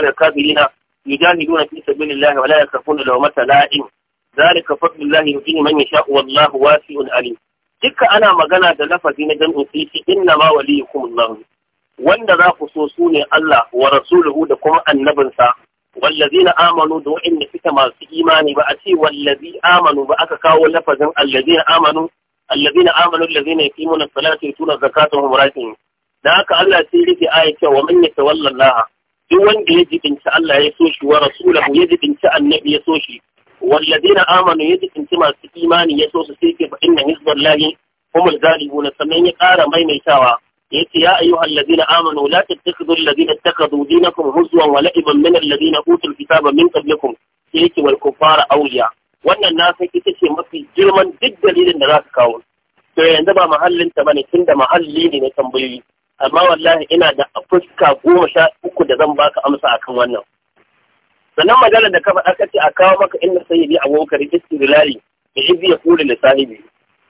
على الكافرين يجاهدون في سبيل الله ولا يخافون لومة لائم ذلك فضل الله يؤتيه من يشاء والله واسع عليم duka ana magana da lafazi na jam'in sai shi inna ma waliyukum Allah wanda za ku so su ne Allah wa rasuluhu da kuma annabinsa wallazina amanu da wa'inda suka masu imani ba a ce wallazi amanu ba aka kawo lafazin allazina amanu allazina amanu allazina yuqimuna salata yutuna zakata wa hum raki'un dan haka Allah sai rike ayat cewa man yatawalla Allah duk wanda ya jibinci Allah ya so wa rasulahu ya jibinci annabi ya so shi walladina amanu ya jibinci masu imani ya so su sai ke fa inna hizballahi humul ghalibun sannan ya ƙara maimaitawa yace ya ayyuhal ladina amanu la tattakhidhu alladina ittakhadhu dinakum huzwan wa la'iban min alladina utul kitaba min qablikum yake wal kuffara awliya wannan nasa ita ce mafi girman duk dalilin da za su kawo to yanzu ba muhallin ta bane da muhalli ne na tambayoyi amma wallahi ina da fuska goma sha uku da zan baka amsa akan wannan sannan magana da ka aka ce a kawo maka inda sayyidi abubakar istilali da izi ya kula da sahibi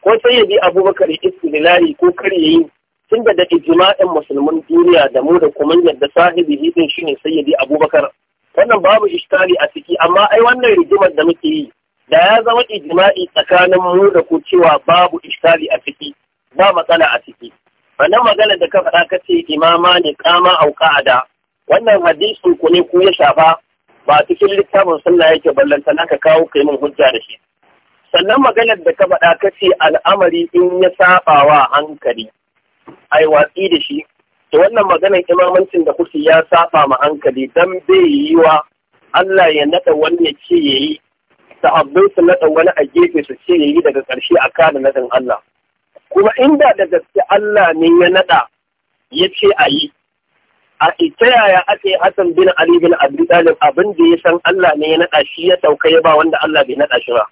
ko sayyidi abubakar istilali ko kar yi, tun da ijma'in musulmin duniya da mu da kuma yadda sahibi hidin shine sayyidi abubakar wannan babu iskali a ciki amma ai wannan rigimar da muke yi da ya zama ijma'i tsakanin mu da ku cewa babu iskali a ciki ba matsala a ciki wannan magana da ka faɗa ka ce imama ne kama auka ada wannan hadisin ku ne ku ya shafa ba cikin littafin sunna yake ballanta ka kawo kai min hujja da shi sannan maganar da ka faɗa ka ce al'amari in ya saba wa hankali ai watsi da shi to wannan maganar imamancin da kuke ya saba ma hankali dan bai yi wa Allah ya naɗa wani ya ce yayi ta su naɗa wani a gefe su ce yayi daga ƙarshe a kada naɗin Allah kuma inda da gaske Allah ne ya naɗa ya ce a yi a ita yaya ake Hassan bin Ali bin abin Talib abin da ya san Allah ne ya naɗa shi ya sauka ya ba wanda Allah bai naɗa shi ba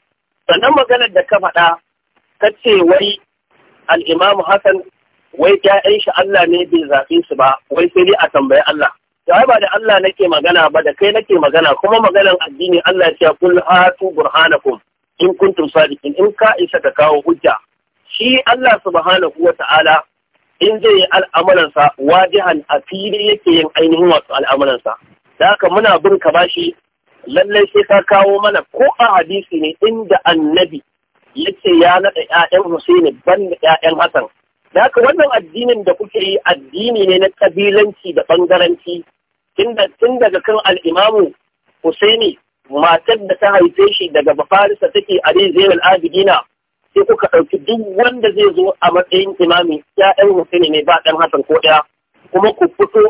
sannan maganar da ka faɗa ka ce wai al hasan Hassan wai yayan shi Allah ne bai zaɓe su ba wai sai dai a tambayi Allah ya ba da Allah nake magana ba da kai nake magana kuma maganar addini Allah ya ce kul hatu burhanakum in kuntum sadiqin in ka isa ka kawo hujja shi Allah subhanahu wa ta'ala in zai yi al'amuransa wajihan a fili yake yin ainihin wasu al'amuransa da haka muna bin ka bashi lallai sai ka kawo mana ko a hadisi ne inda annabi yake ya naɗa ‘ya'yan Husaini ban da ‘ya'yan Hassan. Da haka wannan addinin da kuke yi addini ne na kabilanci da ɓangaranci tun daga kan al'imamu Husaini matar da ta haife shi daga Bafarisa take Ali Zainal Abidina sai kuka ɗauki duk wanda zai zo a matsayin imami ya ɗan ne ba ɗan Hassan ko ɗaya kuma ku fito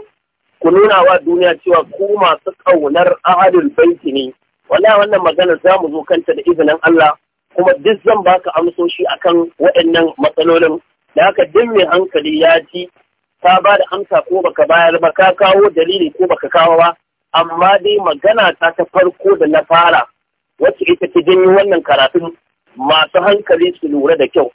ku nuna wa duniya cewa ku masu ƙaunar ahadin baiti ne wallahi wannan magana za mu zo kanta da izinin Allah kuma duk zan baka amsoshi akan waɗannan matsalolin da haka duk mai hankali ya ji ka ba da amsa ko baka bayar ba ka kawo dalili ko baka kawo ba amma dai magana ta ta farko da na fara wacce ita ta janyo wannan karatun masu hankali su lura da kyau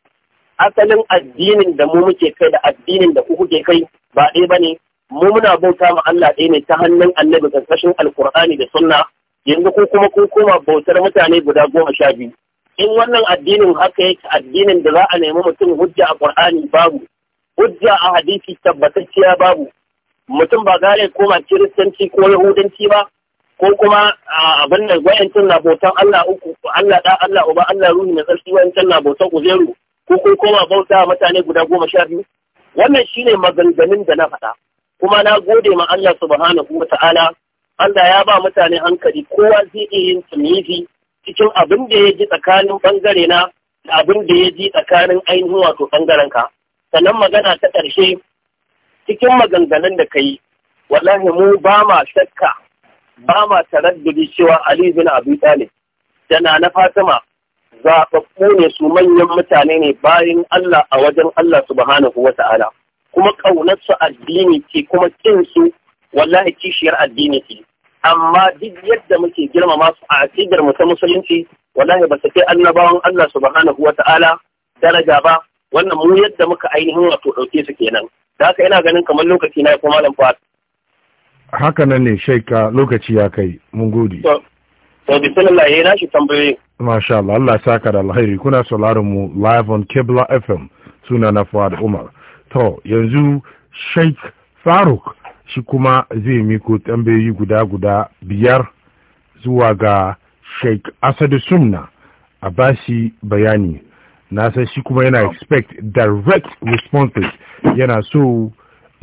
asalin addinin da mu muke kai da addinin da ku kuke kai ba ɗaya bane mu muna bauta ma Allah ɗaya ne ta hannun annabi karkashin alkur'ani da sunna yanzu ko kuma kun koma bautar mutane guda goma sha biyu in wannan addinin haka yake addinin da za a nemi mutum hujja a qur'ani babu hujja a hadisi tabbatacciya babu mutum ba za ya koma kiristanci ko yahudanci ba ko kuma abin da wayancin na bautan Allah uku Allah da Allah uba Allah ruhi mai tsarki wayancin na bautan uzeru ko kuma koma bauta mutane guda goma sha biyu wannan shine maganganun da na faɗa kuma na gode ma Allah subhanahu wa Allah ya ba mutane hankali kowa zai iya yin tumizi cikin abin da ya ji tsakanin bangare na da abin da ya ji tsakanin ainihin wato bangaren ka sannan magana ta ƙarshe cikin maganganun da ka yi wallahi mu ba ma shakka ba ma taraddudi cewa Ali bin Abi Talib da na Fatima zaɓaɓɓu ne su manyan mutane ne bayan Allah a wajen Allah subhanahu wa ta'ala kuma ƙaunarsu addini ce kuma kin su wallahi kishiyar addini ce amma duk yadda muke girmama su a aƙidar mu ta musulunci wallahi ba su kai annabawan Allah subhanahu wa ta'ala daraja ba wannan mu yadda muka ainihin wato ɗauke su kenan da haka ina ganin kamar lokaci na ya kuma malam haka nan ne shaika lokaci ya kai mun gode to bismillah yayi eh, nashi tambayoyi masha Allah Allah saka da alheri kuna sauraron mu live on Kibla FM suna na Fuad Umar to yanzu Sheikh Faruk shi kuma zai miko tambayoyi guda guda biyar zuwa ga Sheikh Asadu Sumna a bashi bayani na san shi kuma yana expect direct responses yana so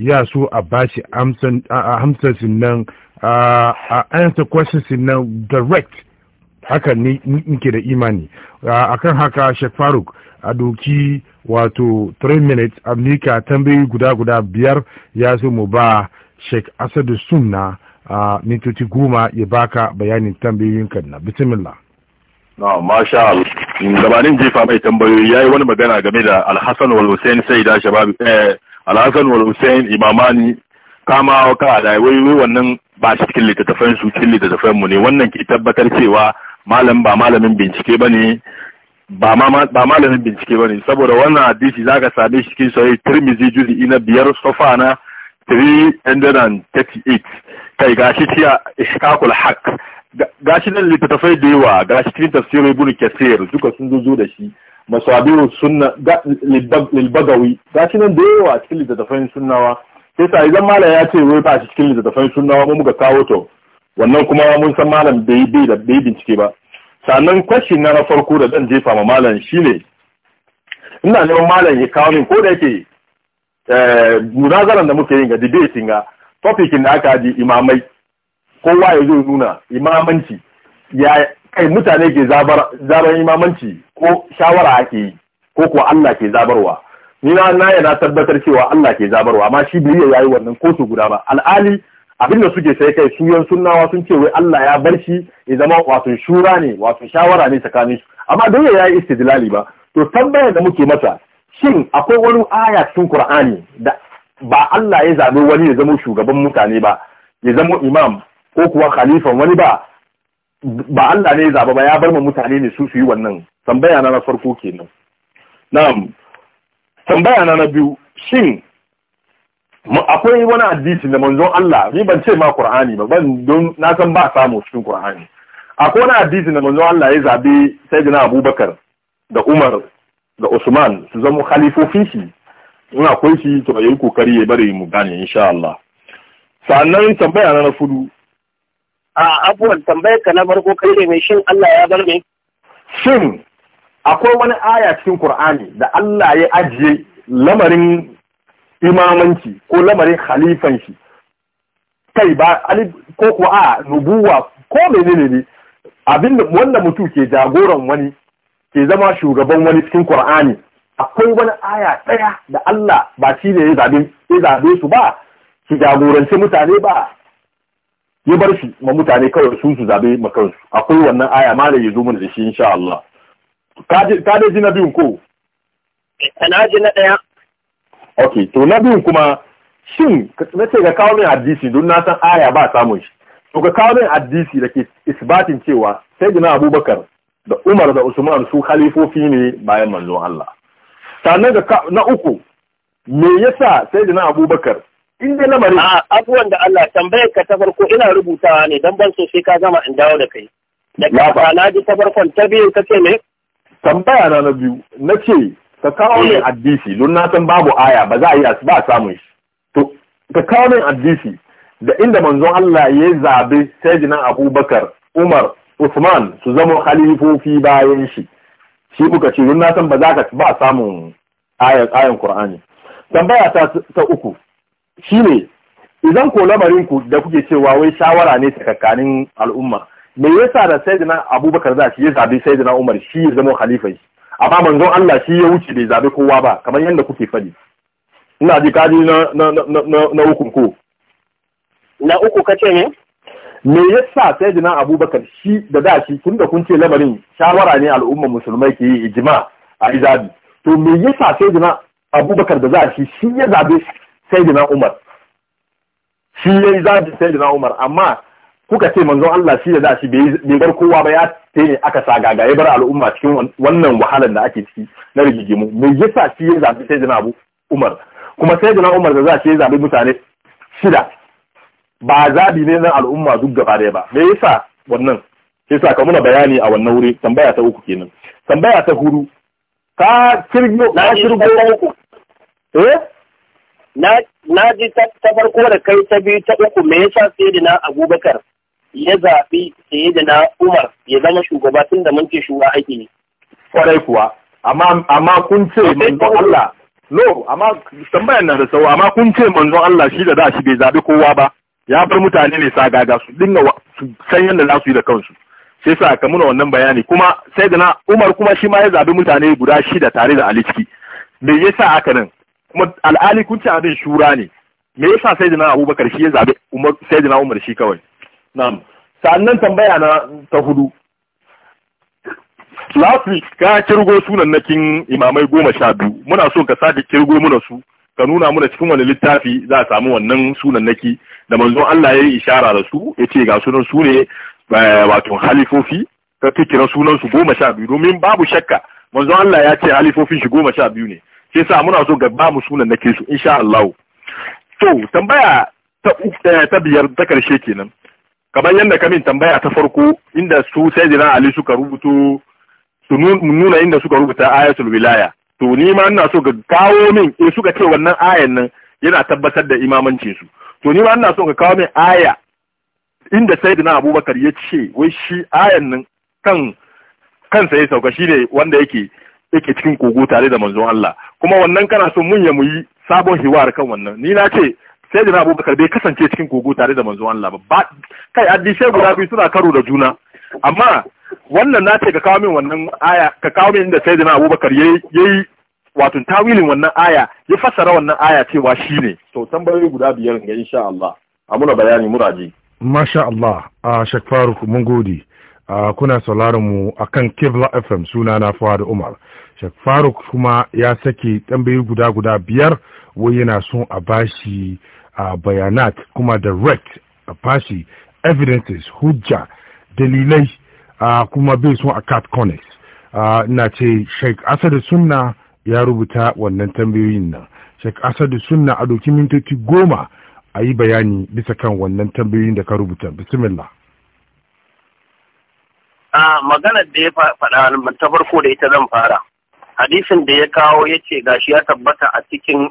ya so a bashi amsarsin nan a answer questions nan direct haka ne nke da imani akan haka Sheikh Faruk a doki wato 3 minutes amnika tambayi guda guda biyar ya so mu ba Sheikh Asadu Sunna a mintoci goma ya baka bayanin tambayoyin na bismillah na masha Allah gabanin jefa mai tambayoyi yayi wani magana game da Al-Hassan wal Hussein sai da shababi eh alhassan wal hussein imamani kama wa ka da wai wai wannan ba shi cikin littattafan su cikin littattafan mu ne wannan ke tabbatar cewa malam ba malamin bincike bane ba ba malamin bincike bane saboda wannan hadisi zaka same shi cikin sahih tirmizi juz'i na biyar safa na 338 kai gashi tiya ishkakul haqq gashi nan littattafai da yawa gashi cikin tafsirin ibnu kathir duka sun zo da shi masabiru sunna lilbagawi ga shi nan da yawa cikin littattafan sunnawa sai sa idan malam ya ce wai ba shi cikin littattafan sunnawa mu muka kawo to wannan kuma mun san malam bai bai da bai bincike ba sannan kwashi na na farko da dan jefa ma malam shine ina neman malam ya kawo min ko da yake eh munazaran da muke yin ga debating ga topic da aka ji imamai kowa ya zo nuna imamanci ya kai mutane ke zabar imamanci ko shawara ake yi ko kuwa Allah ke zabarwa ni na na yana tabbatar cewa Allah ke zabarwa amma shi bai yayi wannan ko guda ba al'ali abinda suke sai kai su yan sunnawa sun ce wai Allah ya bar shi ya zama wato shura ne wato shawara ne tsakanin su amma don ya yayi istidlali ba to tambayar da muke masa shin akwai wani aya cikin Qur'ani da ba Allah ya zabe wani ya zama shugaban mutane ba ya zama imam ko kuwa khalifan wani ba ba Allah ne zaba ba ya bar ma mutane ne su su yi wannan tambaya na na farko kenan na'am tambaya na na biyu shin akwai wani hadisi da manzon Allah ni ban ce ma Qur'ani ba ban don na san ba samu cikin Qur'ani akwai wani hadisi da manzon Allah ya zabe sayyidina Abubakar da Umar da Usman su zama khalifofin shi in akwai shi to yayi kokari ya bari mu gane insha Allah sannan tambaya na na fudu a abuwan tambayar ka na farko kai ne mai shin Allah ya bar me shin akwai wani aya cikin Qur'ani da Allah ya ajiye lamarin imamanci ko lamarin shi kai ba ko kuwa a nubuwa ko menene ne abinda wanda mutu ke jagoran wani ke zama shugaban wani cikin Kur'ani, akwai wani aya ɗaya da Allah ba shi ne ya zabe su ba ki jagoranci mutane ba ya bar shi ma mutane kawai su su zabe ma kansu akwai wannan aya ma da ya zo mana da shi insha Allah ka dai ji na biyun ko eh, na ji na ɗaya Okay. to na biyun kuma shin na ce ga kawo min hadisi don na san aya ba samun shi to ga kawo min hadisi da ke isbatin cewa sai gina abubakar da umar da usman su khalifofi ne bayan manzon Allah sannan ga na uku me yasa sai gina abubakar in da lamarin a abubuwan da Allah tambayar ka ta farko ina rubutawa ne don ban so sai ka zama in dawo da kai da ka na ji ta farkon ta biyu ka ce me tambaya na na biyu na ce ka kawo min hadisi eh. don na san babu aya ba za a yi ba samun shi to ka kawo min hadisi da inda manzon Allah ya zabe sayyidina Abubakar Umar Usman su zama khalifofi bayan shi shi kuka ce don na san ba za ka ba samun ayan ayan Qur'ani tambaya ta uku shine idan ko lamarinku da kuke cewa wai shawara ne tsakanin al'umma me yasa da sayyidina abubakar za shi ya zabi sayyidina umar shi ya zama khalifai amma manzon Allah shi ya wuce bai zabi kowa ba kamar yadda kuke faɗi ina ji kaji na na na na uku ko na uku kace ne me yasa sayyidina abubakar shi da da shi tunda kun ce lamarin shawara ne al'umma musulmai ke yi ijma a izabi to me yasa sayyidina abubakar da za shi shi ya zabe sayyidina Umar shi yayi zabi sayyidina Umar amma kuka ce manzo Allah shi da shi bai bar kowa ba ya ta ne aka sa gaga ya bar al'umma cikin wannan wahalar da ake ciki na rigigimu me yasa shi ya zabi sayyidina Abu Umar kuma sayyidina Umar da za shi ya zabi mutane shida ba zabi ne na al'umma duk gaba daya ba me yasa wannan sa ka muna bayani a wannan wuri tambaya ta uku kenan tambaya ta huru ka kirgo na kirgo eh na ji ta farko da kai ta biyu ta uku me yasa na abubakar ya zaɓi da na umar ya zama shugaba tun da munke shuwa aiki ake ne kwarai kuwa amma kun ce manzon Allah no amma tambayar na da sau amma kun ce manzon Allah shi da shi bai zaɓi kowa ba ya bar mutane ne sa gaga su dinga su san yadda za su yi da kansu sai sa ka muna wannan bayani kuma sai da na Umar kuma shi ma ya zaɓi mutane guda shida tare da Ali ciki me yasa haka nan kuma al'ali kun ce abin shura ne me yasa sai dina abubakar shi ya zabe umar sai dina umar shi kawai na'am sannan tambaya na ta hudu last week ka kirgo sunannakin imamai goma sha biyu muna so ka sake kirgo muna su ka nuna muna cikin wani littafi za a samu wannan sunannaki da manzon Allah ya yi ishara da su ya ce ga sunan su ne eh, wato halifofi ka kira sunan su goma sha biyu domin babu shakka manzon Allah ya ce halifofin shi goma sha biyu ne sai sa muna so gaba mu sunan na Yesu insha Allah to tambaya ta eh, ta biyar ta karshe kenan kamar yadda kamin tambaya ta farko inda su sayyidina Ali suka rubuto su nuna inda suka rubuta ayatul wilaya to ni ma ina so ga kawo min in eh, suka ce wannan ayan nan yana tabbatar da imamancin su to ni ma ina so ga kawo min aya inda sayyidina Abubakar ya ce wai shi ayan nan kan kansa ya sauka shine wanda yake yake cikin kogo tare da manzon Allah kuma wannan kana so mun ya muyi sabon hiwar kan wannan ni na ce sai da abubakar bai kasance cikin kogo tare da manzo Allah ba kai addishe guda biyu suna karo da juna amma wannan na ce ka kawo min wannan aya ka kawo min da sai da abubakar yayi wato tawilin wannan aya ya fassara wannan aya cewa shine to tambayoyi guda biyar ga insha Allah a muna bayani muraji masha Allah a shakfaru mun gode kuna sauraron mu akan Kibla FM suna na Fuad Umar. Sheikh Faruk kuma ya saki tambayi guda guda biyar wai yana son a bashi bayanat kuma direct a bashi evidences hujja dalilai kuma bai son a cat connect ina ce Sheikh Asadu Sunna ya rubuta wannan tambayoyin nan Sheikh Asadu Sunna a doki mintoci goma a yi bayani bisa kan wannan tambayoyin da ka rubuta bismillah a maganar da ya faɗa ta farko da ita zan fara hadisin da ya kawo ya ce gashi ya tabbata a cikin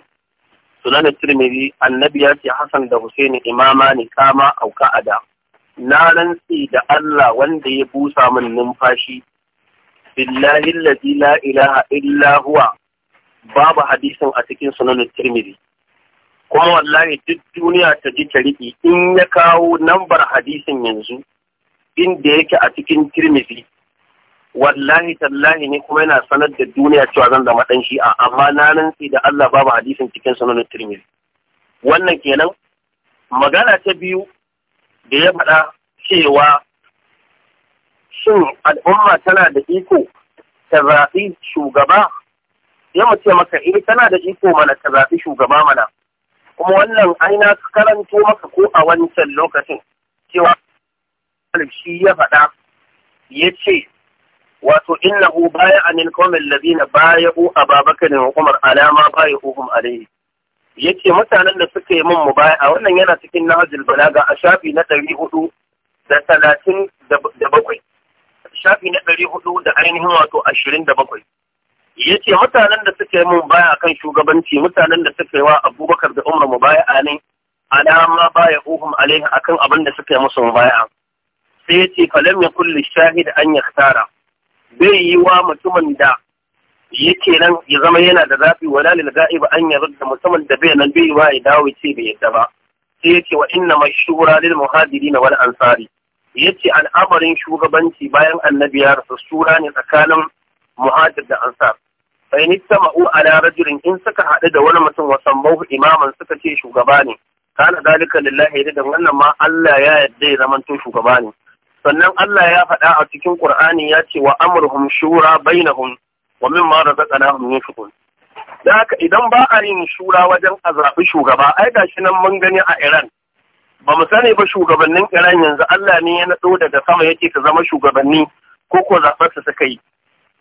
sunan tirmidhi annabi ya ce hasan da husaini imama ne kama auka ada na rantsi da allah wanda ya busa min numfashi billahi allazi la ilaha illa babu hadisin a cikin sunan tirmidhi kuma wallahi duk duniya ta ji ta in ya kawo nambar hadisin yanzu inda yake a cikin tirmizi wallahi tallahi ne kuma yana sanar da duniya cewa zan zama dan shi'a amma na sai da Allah babu hadisin cikin sunan tirmizi wannan kenan magana ta biyu da ya faɗa cewa shin al'umma tana da iko ta zaɓi shugaba ya mace maka eh tana da iko mana ta zaɓi shugaba mana kuma wannan aina karanto maka ko a wancan lokacin cewa Malik shi ya faɗa ya ce wato innahu baya anil qawmil baya baya'u ababakar wa hukumar alama baya baya'uhum ya ce mutanen da suka yi min a wannan yana cikin nahjul balaga a shafi na ɗari hudu da talatin da bakwai shafi na ɗari hudu da ainihin wato ashirin da bakwai ya ce mutanen da suka yi min baya kan shugabanci mutanen da suka yi wa abubakar da umar mubaya'a ne alama baya baya'uhum alayhi akan abin da suka yi musu mubaya'a sai ya ce falam ya kulli shahid an ya tara bai yi wa mutumin da yake nan ya zama yana da zafi wala lil ga'ib an ya rudda mutumin da bai nan bai wa ya dawo ce bai yadda ba sai ya ce wa inna mashura lil muhajirin wal ansari ya ce al'amarin shugabanci bayan annabi ya rasu sura ne tsakanin muhajir da ansar bai nita ma'u ala rajulin in suka haɗu da wani mutum wasan mahu imaman suka ce shugaba ne kana dalika lillahi da wannan ma Allah ya yarda ya zamanto shugaba ne sannan Allah ya faɗa a cikin ƙur'ani ya ce wa Amurhum shura bainahum wa min mimma razaqnahum yunfiqun da haka idan ba a yin shura wajen a zaɓi shugaba ai gashi nan mun gani a Iran ba mu sani ba shugabannin Iran yanzu Allah ne ya naɗo daga sama yake ta zama shugabanni ko ko zaɓar su suka yi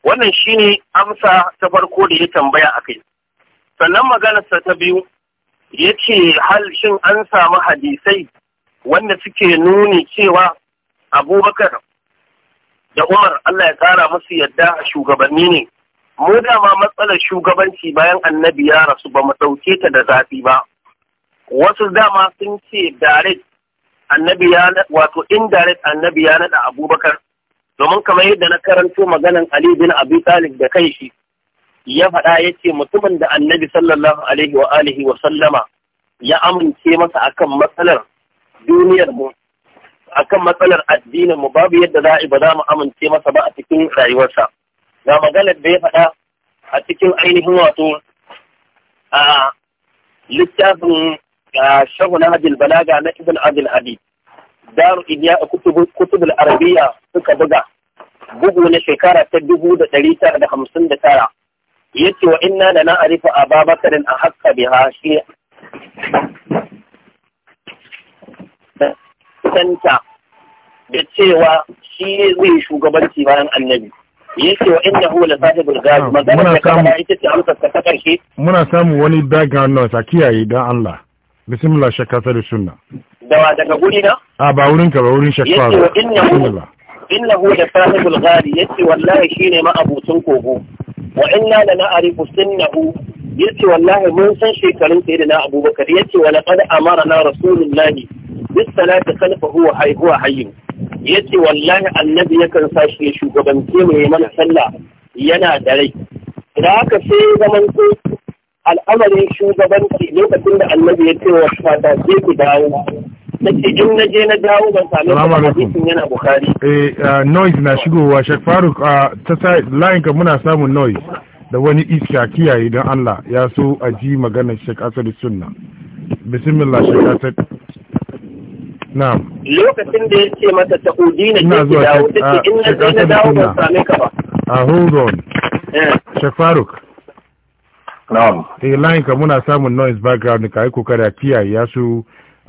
wannan shine amsa ta farko da ya tambaya a kai. sannan maganarsa ta biyu ya ce hal shin an samu hadisai wanda suke nuni cewa abubakar da umar Allah ya tsara musu yadda shugabanni ne mu dama matsalar shugabanci bayan annabi ya rasu ba mu ɗauke ta da zafi ba wasu dama sun ce direct annabi ya wato indirect annabi ya naɗa abubakar domin kamar yadda na karanto maganan ali bin abi talib da kai shi ya faɗa ya ce mutumin da annabi sallallahu alaihi wa alihi wa sallama ya amince masa akan matsalar duniyar mu akan matsalar addinin mu babu yadda za ba za mu amince masa ba a cikin rayuwarsa ga maganar da ya faɗa a cikin ainihin wato a littafin shahu na hajjil balaga na ibn abdul hadi daru idiya a kutubul arabiya suka buga bugu na shekara ta dubu da ɗari tara da hamsin da tara yace wa inna da na arifa a babakarin a hakka biha shi siffanta da cewa shi zai shugabanci bayan annabi yake wa inna huwa lasahibul ghaib ah, magana da kana ita ce amsar ta karshe muna samu wani background noise a kiyaye don Allah bismillah shakka ta da sunna dawa daga guri na a ba wurin ka ba wurin shakka ba inna huwa inna huwa lasahibul ghaib yace wallahi shi ne ma'abucin kogo wa inna da lana'rifu sunnahu yace wallahi mun san shekarun sai da na Abubakar yace wa laqad amara na rasulullahi bisalati salati khalfahu wa hay huwa hayy yace wallahi annabi yakan sashi ya shugabance mu mana sallah yana da rai idan aka sai zaman ko al'amarin shugabanci lokacin da annabi ya ce wa fata ke ku dawo nake in na je na dawo ban samu ka hadisin yana bukhari eh noise na shigowa shek faruk ta sai line ka muna samun noise da wani iska kiyaye don Allah ya so a ji maganar shak asar Sunna bismillah shak asar. lokacin da ya ce mata ta udina ce ki dawo ta ce in na zai na dawo ban same ka ba a hold on eh. eh line ka muna samun noise background ka kiyaye ya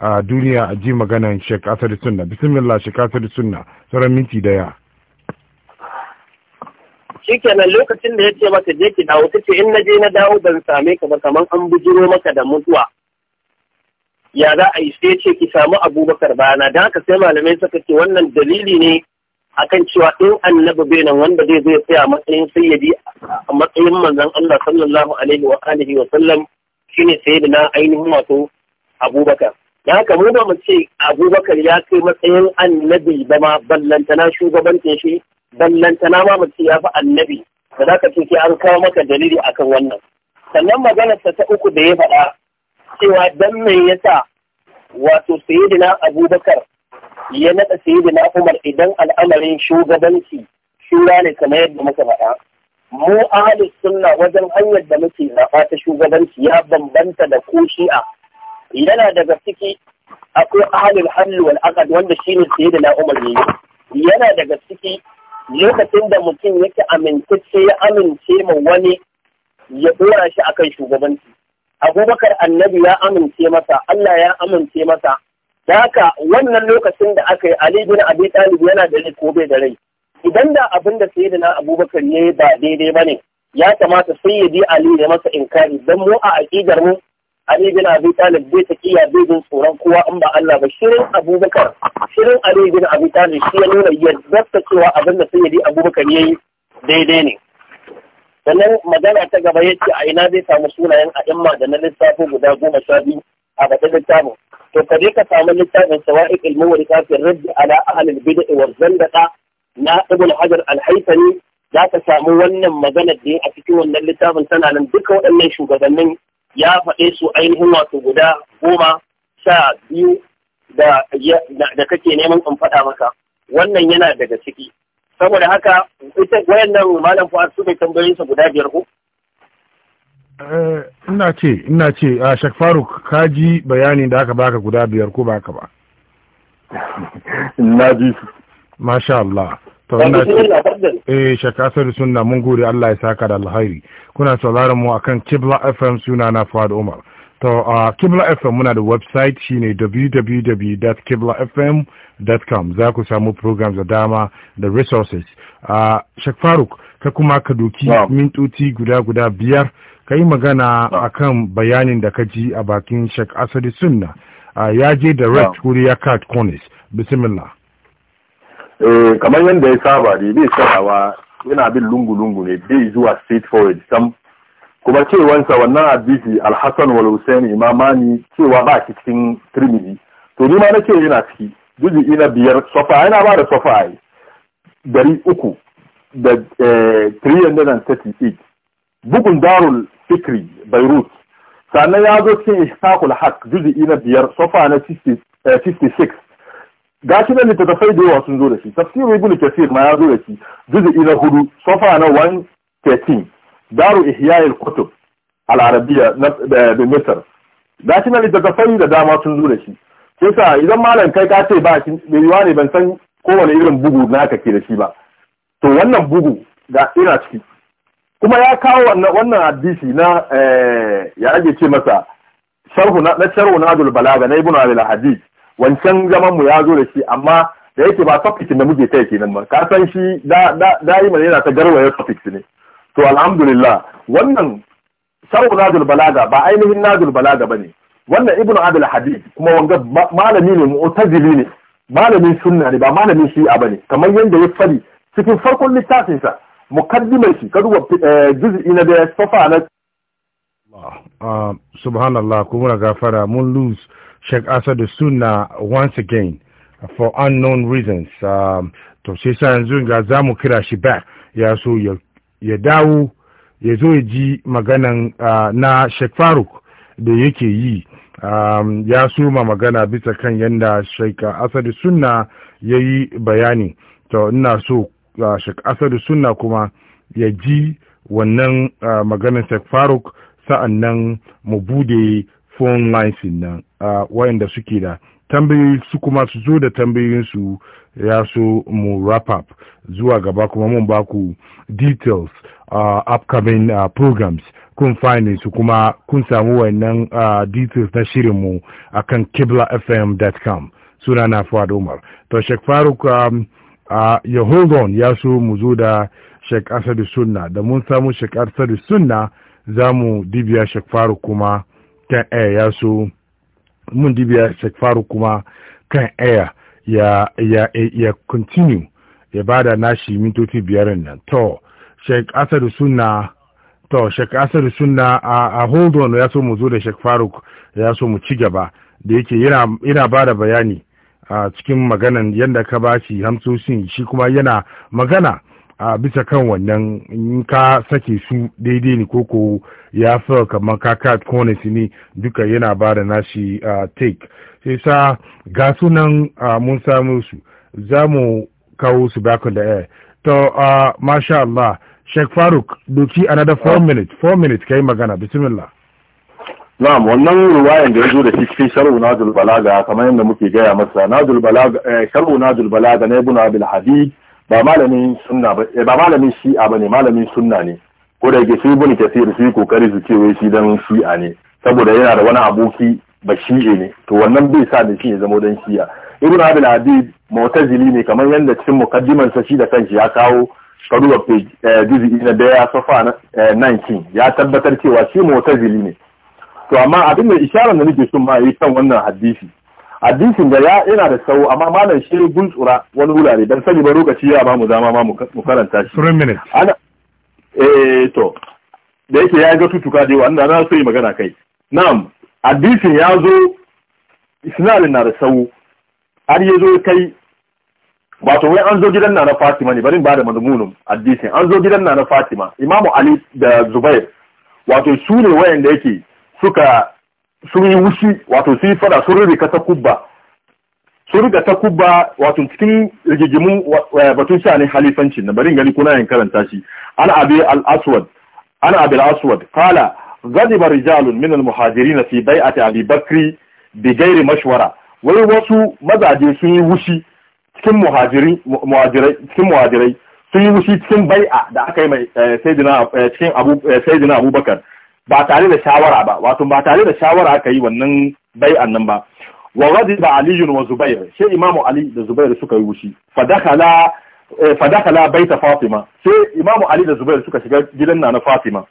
a duniya a ji maganan Sheikh lokacin da ya ce mata je ki dawo ta ce in na je na dawo ban same ka ba kaman an bujiro maka da mutuwa ya za a yi sai ce ki samu abubakar bayana don haka sai malamai suka ce wannan dalili ne akan cewa in annabi bai nan wanda zai zai a matsayin sayyidi a matsayin manzon Allah sallallahu alaihi wa alihi wa sallam shine sayyidina ainihin wato abubakar da haka mu ba mu ce abubakar ya kai matsayin annabi ba ma ballantana shugabancin shi ballantana ma mu ce ya fi annabi da za ka ce an kawo maka dalili akan wannan sannan maganarsa ta uku da ya faɗa cewa dan me yasa wato sayyidina abubakar ya naɗa sayyidina umar idan al'amarin shugabanci shura ne kamar yadda muka faɗa mu ahli sunna wajen hanyar da muke zaɓa ta shugabanci ya bambanta da ko shi'a yana daga ciki akwai ahlul hallu wal aqd wanda shine sayyidina umar ne yana daga ciki lokacin da mutum yake amintacce ya amince ma wani ya dora shi akan shugabanci abubakar annabi ya amince masa Allah ya amince masa da haka wannan lokacin da aka yi Ali bin Abi Talib yana da rai ko bai da rai idan da abin da sai na abubakar ya ba daidai ba ne ya kamata sai ya bi Ali ya masa inkari don mu a aƙidar mu Ali bin Abi Talib bai taƙiya bai jin tsoron kowa in ba Allah ba shirin abubakar shirin Ali bin Abi Talib shi ya nuna yadda cewa abin da sai ya Abubakar ya yi daidai ne. sannan magana ta gaba ya ce a ina zai samu sunayen a imma da na lissafi guda goma sha biyu a baɗi littafin to ka je ka samu littafin sawa'iq al-muwarika fi radd ala ahli al-bid'ah wa zandaqa na ibn hajar alhaifani za ka samu wannan magana da a cikin wannan lissafin tana nan duka waɗannan shugabannin ya faɗe su ainihin wato guda goma sha biyu da kake neman in faɗa maka wannan yana daga ciki saboda haka ita wayannan malam fuad su bai tambayin sa guda biyar ko eh, ina ce ina ce a shak faruk kaji bayani da aka baka guda biyar ko baka ba na ji su masha Allah to ina ce eh shak asar sunna mun gode Allah ya saka da alkhairi kuna sauraron mu akan Kibla FM suna na Fuad Umar To a uh, Kibla FM muna da website shine www.kiblafm.com za ku samu programs da dama da resources. A uh, Sheikh Faruk ka kuma ka doki mintoci guda-guda biyar ka yi magana akan bayanin da ka ji a bakin Sheikh Asadi Sunna. Uh, ya je da Red wuri ya Card corners. Bismillah. Eh kamar yadda ya saba ya bai sarawa yana bin lungu-lungu ne bai zuwa straightforward sam kuma cewansa wannan hadisi alhassan wal husaini imamani cewa ba ki cikin tirmidhi to ni ma nake yana ciki juzu'i ina biyar sofa yana ba da ai dari uku da 338 eh, bugun darul fikri beirut sannan ya zo cikin ishaqul haq juzu'i ina biyar sofa na 56 eh, gashi ta tafai da yawa sun zo da shi tafsirin ibnu kasir ma ya zo da shi juzu'i na hudu sofa na 113 daru ihya'il kutub al-arabiyya da misr da shi na littattafai da dama sun zo da shi kisa idan malam kai ka ce ba shi bai ne ban san kowane irin bugu ka ke da shi ba to wannan bugu ga ina ciki kuma ya kawo wannan hadisi na eh, ya rage ce masa sharhu na sharhu na dul balaga na ibnu abil hadid wancan zaman mu ya zo da shi amma da yake ba topic da muke kai kenan ba ka san shi da da yana ta garwaya topic ne to alhamdulillah wannan sharh nadul balaga ba ainihin nazul balaga bane wannan ibn adal hadid kuma wanga malami ne mu'tazili ne malamin sunna ne ba malamin shi'a bane kamar yanda ya fadi cikin farkon littafinsa sa mukaddimar shi kaduwa eh, juz'i na da safa na ah, ah, subhanallah kuma gafara mun lose Sheikh Asad Sunna once again for unknown reasons. Um, to sai sa yanzu ga za mu kira shi back ya so ya ya dawo ya zo ya ji maganan na Sheikh Faruk da yake yi ya suma magana bisa kan yadda Sheikh Asadu Sunna ya yi bayani to ina so Sheikh Asadu Sunna kuma ya ji wannan maganan Sheikh Faruk nan mu bude phone lines nan wayanda suke da tambayoyi su kuma su zo da tambayoyinsu ya so mu wrap up zuwa gaba kuma mun ba ku details uh, upcoming uh, programs kun fine su kuma kun samu wannan uh, details na shirinmu a kan kiblafm.com suna na Fuad Umar. To shek Faruk um, uh, ya hold on ya so mu zo da shek Asadu Sunna da mun samu shek Asadu Sunna za mu dibiya shek Faruk kuma kan eh, ya so mun dibiya shek Faruk kuma kan air ya ya ya continue ya bada nashi mintoci biyar nan to Sheikh Asadu Sunna to Sheikh Asadu Sunna a, a hold on ya so mu zo da shek Faruk ya so mu ci gaba da yake yana yana bada bayani a cikin maganan yadda ka ba shi hamsoshin shi kuma yana magana a bisa kan wannan in ka sake su daidai ne ko ya fi kamar ka cut corners ne duka yana ba da nashi take sai sa ga sunan mun samu su za mu kawo su back on the air to masha Allah Sheikh Faruk doki another four ah. minutes four minutes kai magana bismillah na'am wannan ruwayan da ya zo da shi cikin sharhu nazul balaga kamar yadda muke gaya masa nazul balaga eh, sharhu na balaga na ibn abil ba malamin sunna ba eh, ba malamin shi'a bane malamin sunna ne ko da yake shi ibn kasir sai kokari su ce wai shi dan shi'a ne saboda yana da wani aboki ba shi'e ne to wannan bai sa da shi ya zama dan shi'a ibn abul habib mu'tazili ne kamar yanda cikin mukaddiman sa shi da kanshi ya kawo kaduwa eh, juz'i na daya safa na 19 eh, ya tabbatar cewa shi mu'tazili ne to amma abin da isharar da nake son ma yi kan wannan hadisi hadisin da ya yana da sau amma malam shi guntsura wani wurare dan sani ba lokaci ya ba mu dama ma mu karanta shi three minutes ana eh to da yake ya ga tutuka da wanda na so yi magana kai na'am hadisin ya zo isnal na da sau har ya zo kai wato wai an zo gidan na Fatima ne bari ba da mazmunin hadisin an zo gidan na Fatima Imamu Ali da Zubair wato su ne wayanda yake suka sun yi wushi wato sun yi fada sun rurrika ta kubba sun riga ta kubba wato cikin rigigimun eh, batun sha ne halifancin, na barin gani kuna yin karanta shi an abi al-aswad an abi al-aswad qala ghadiba rijalun min al-muhajirin fi bai'ati abi bakri bi ghairi mashwara wai wasu mazaje sun yi wushi cikin muhajirin muhajirai cikin muhajirai sun yi wushi cikin bai'a da aka yi mai eh, sayyidina eh, cikin abu sayyidina abubakar ba tare da shawara ba wato ba tare da shawara aka yi wannan bai'an nan ba wa ghadiba Aliyu wa zubair sai imamu ali da zubair suka yi wushi fadakala eh, fadakala baita fatima sai imamu ali da zubair suka shiga gidan nana fatima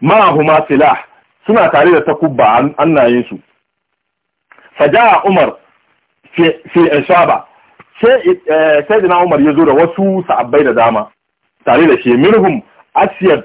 ma huma silah suna tare da takubba annayen su faja umar fi ishaba sai eh, sai umar ya zo da wasu sa'abbai da dama tare da shi minhum asyad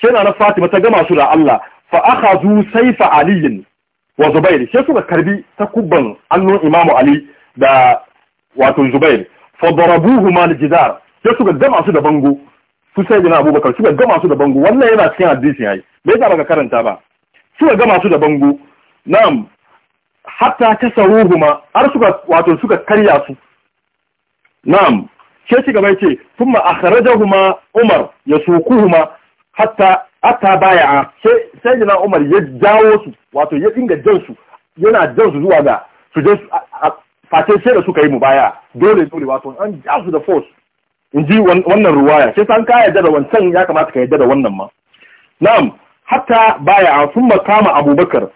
sai na Fatima ta gama su da Allah fa akhazu fa aliyin wa zubair sai suka karbi takubban annun imamu ali da wato zubair fa darabuhuma aljidar sai suka gama su da bango su sai bin abubakar suka gama su da bango wannan yana cikin hadisi yayi me yasa baka karanta ba suka gama su da bango na'am hatta kasaruhuma har suka wato suka karya su na'am sai shi gaba yace kuma akhrajahuma umar yasukuhuma hatta hatta baya sai sai jina Umar ya jawo su wato ya dinga jan su yana jan su zuwa ga su je face sai da suka yi mu baya dole dole wato an ja su da force in ji wannan ruwaya sai san ka yadda da wancan ya kamata ka yadda da wannan ma na'am hatta baya sun makama abubakar eh, eh, sai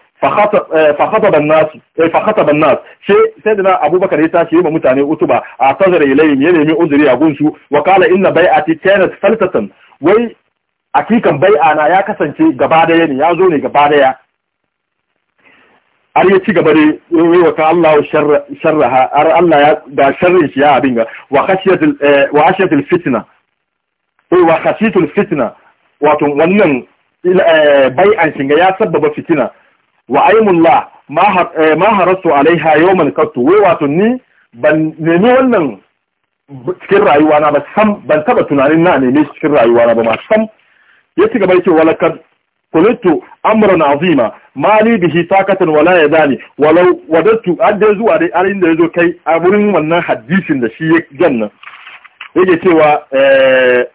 فخطب الناس فخطب الناس شيء سيدنا ابو بكر يتاشي يوم متاني عتبه اعتذر اليهم ينمي عذري اغنسو وقال ان بيعتي كانت فلتة وي akikan bai'ana ya kasance gaba daya ne ya zo ne gaba daya har ya ci gaba da yi wa ta Allah sharraha har Allah ya da sharrin shi ya abin ga wa khashiyatul eh, fitna eh, wa khashiyatul fitna wato wannan eh, bai'an shinga ya sabbaba fitina wa aimullah ma harastu alaiha yawman kattu wai wato ni ban nemi wannan cikin rayuwa na ba sam ban taba tunanin na neme cikin rayuwa na ba ma sam ya ci gaba yake walakar kulitu amran azima mali bihi sakatan wala yadani walau wadattu adda zuwa dai alin da yazo kai a wurin wannan hadisin da shi ya janna yake cewa eh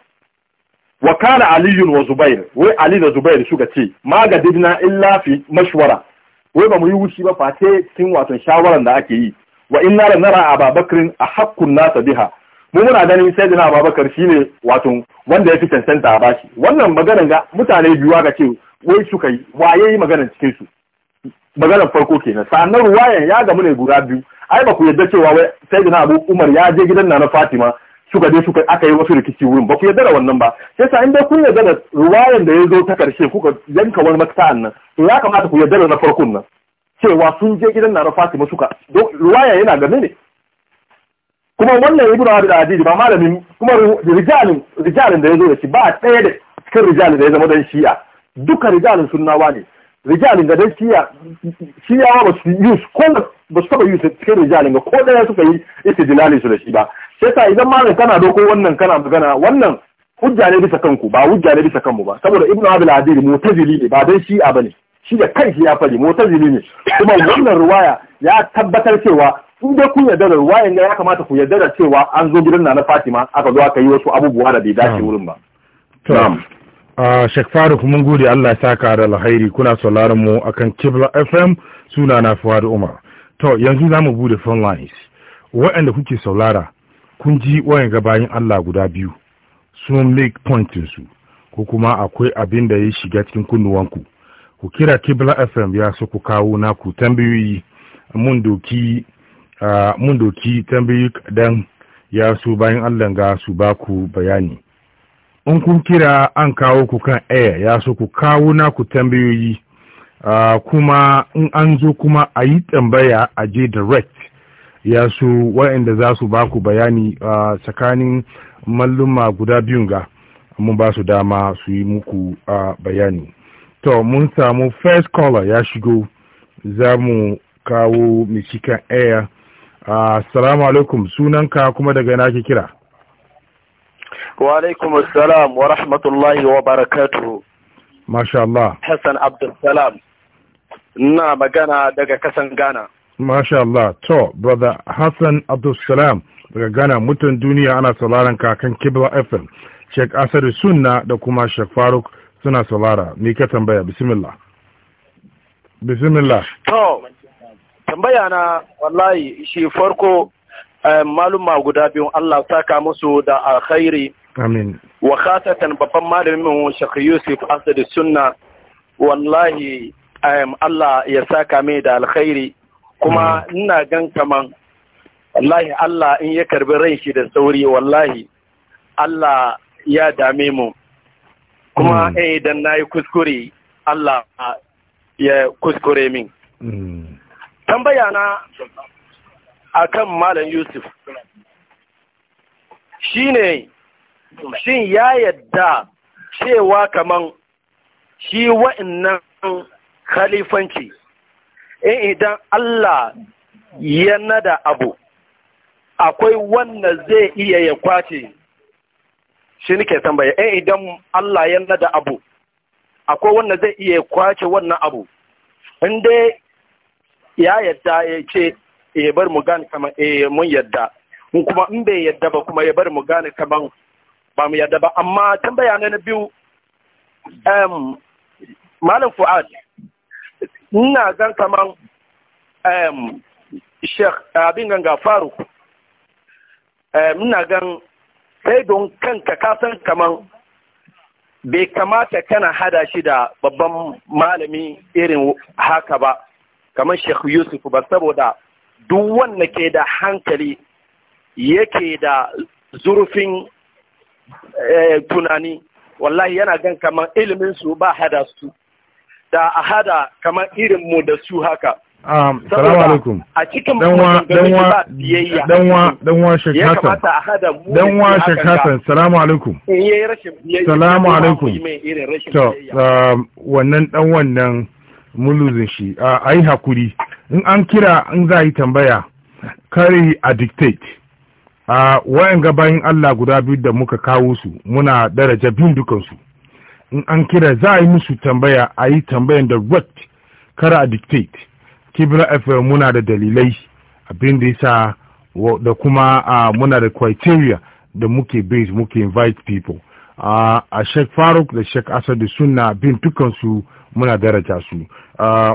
wa kana aliyun wa zubair wai ali da zubair suka ce ma ga dibna illa fi mashwara wai ba mu yi wushi ba face cikin wato shawaran da ake yi wa inna la nara ababakrin hakkun nasa biha mu muna ganin sai da babakar shine wato wanda ya fi cancanta a bashi wannan maganar ga mutane biyu aka ce wai suka yi waye yi maganar cikin su maganar farko kenan sannan ruwayan ya gamu ne guda biyu ai ba ku yadda cewa wai sai dina abu umar ya je gidan nana fatima suka je suka aka yi wasu rikici wurin ba ku yadda da wannan ba sai sa in dai kun yarda da ruwayan da ya zo ta karshe kuka yanka wani makta'an nan to ya kamata ku yadda da na farkon nan cewa sun je gidan nana fatima suka ruwaya yana game ne kuma wannan ibnu abdul aziz ba malamin kuma rijalin rijalin da yazo da shi ba ɗaya da cikin rijalin da ya zama dan shi'a duka rijalin sunnawa ne rijalin da dan shi'a shi'awa ba su yi ko ba su taba yi cikin rijalin ga ko ɗaya suka yi istidlali su da shi ba sai ta idan malam kana doko wannan kana magana wannan hujja ne bisa kanku ba hujja ne bisa kanmu ba saboda ibnu abdul aziz mu'tazili ne ba dan shi'a bane shi da kanki ya fari mu'tazili ne kuma wannan ruwaya ya tabbatar cewa in dai kun yarda da wayan ya kamata ku yarda da cewa an zo gidan na Fatima aka zo aka yi wasu abubuwa da bai dace wurin ba na'am a Sheikh Faruk mun gode Allah ya saka da alheri kuna sauraron mu akan Kibla FM suna na Fuad Umar to yanzu za mu bude phone lines waɗanda kuke saurara kun ji wayan gabayin Allah guda biyu sun make pointin su ko kuma akwai abin da ya shiga cikin kunnuwanku ku kira Kibla FM ya so ku kawo naku tambayoyi mun doki mun doki tambayi kaɗan ya su bayan allah ga su ba ku bayani in kun kira an kawo ku kan air ya so ku kawo na ku tambayoyi kuma in an zo kuma a yi tambaya a je direct ya so waɗanda za su ba ku bayani tsakanin malluma guda biyun ga mun ba su dama su yi muku bayani to mun samu first caller ya shigo za mu kawo cikin air assalamu alaikum sunanka kuma daga ina ke kira wa alaikum assalam wa rahmatullahi wa barakatu. masha Allah Hassan Abdul Salam ina magana daga kasan Ghana masha Allah to brother Hassan Abdul Salam daga Ghana mutan duniya ana sauraron ka kan Kibla FM Sheikh Asadu Sunna da kuma Sheikh Faruk suna saurara me ka tambaya bismillah bismillah to tambaya na wallahi shi farko eh, maluma guda biyu Allah saka musu da alkhairi amin wa khatatan babban malamin mu Sheikh Yusuf Asad Sunna wallahi eh, Allah ya saka mai da alkhairi kuma ina gan kaman wallahi Allah in ya karbi rai shi da sauri wallahi Allah ya dame mu kuma eh dan nayi kuskure Allah ya kuskure min mm. tambaya na akan malam yusuf shi ne, shin ya yadda cewa kaman shi wa'annan khalifanci in idan Allah ya nada abu akwai wanda zai iya ya kwace shi ke tambaya in idan Allah ya nada abu akwai wanda zai iya ya kwace wannan abu in dai ya yadda ya ce ya eh, bar mu gane kamar eh mun yadda mun kuma in bai yadda ba kuma ya bar mu gane kamar ba mu yadda ba amma tambaya na biyu um, malam fu'ad ina gan kamar um, sheikh abin ganga faruk ina gan sai don kanka san kamar bai kamata kana hada shi da babban malami irin haka ba kamar Sheikh Yusuf ba saboda duk wanda ke da hankali yake da zurfin eh, tunani wallahi yana gan kamar ilimin su ba hada su da a hada kamar irin mu da su haka Salamu alaikum. A cikin danwa Sheikh Hassan. Danwa Sheikh Hassan, salamu alaikum. Salamu alaikum. To, wannan dan wannan mun shi a yi hakuri in an kira in za a yi tambaya kare a dictate a wayan gabayin Allah guda biyu da muka kawo su muna daraja biyun dukansu in an kira za a yi musu tambaya a yi tambayan da rot kara a dictate kibra fm muna da dalilai abin da yasa da kuma muna da criteria da muke base muke invite people a shek faruk da shek asadu suna bin dukansu muna daraja su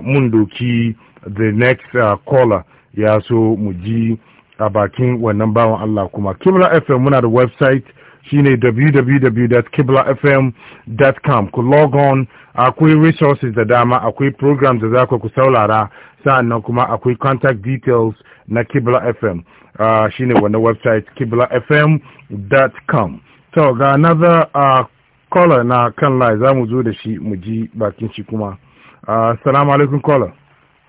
mun doki the next caller ya so mu ji a bakin wannan bawan Allah kuma Kibla FM muna da website shine www.kiblafm.com ku log on akwai resources da dama akwai programs da za ku saulara sa'annan kuma akwai contact details na Kibla FM uh, shine wannan website kiblafm.com so ga another uh, kola na kan lai za mu zo da shi mu ji bakin shi kuma assalamu alaikum kola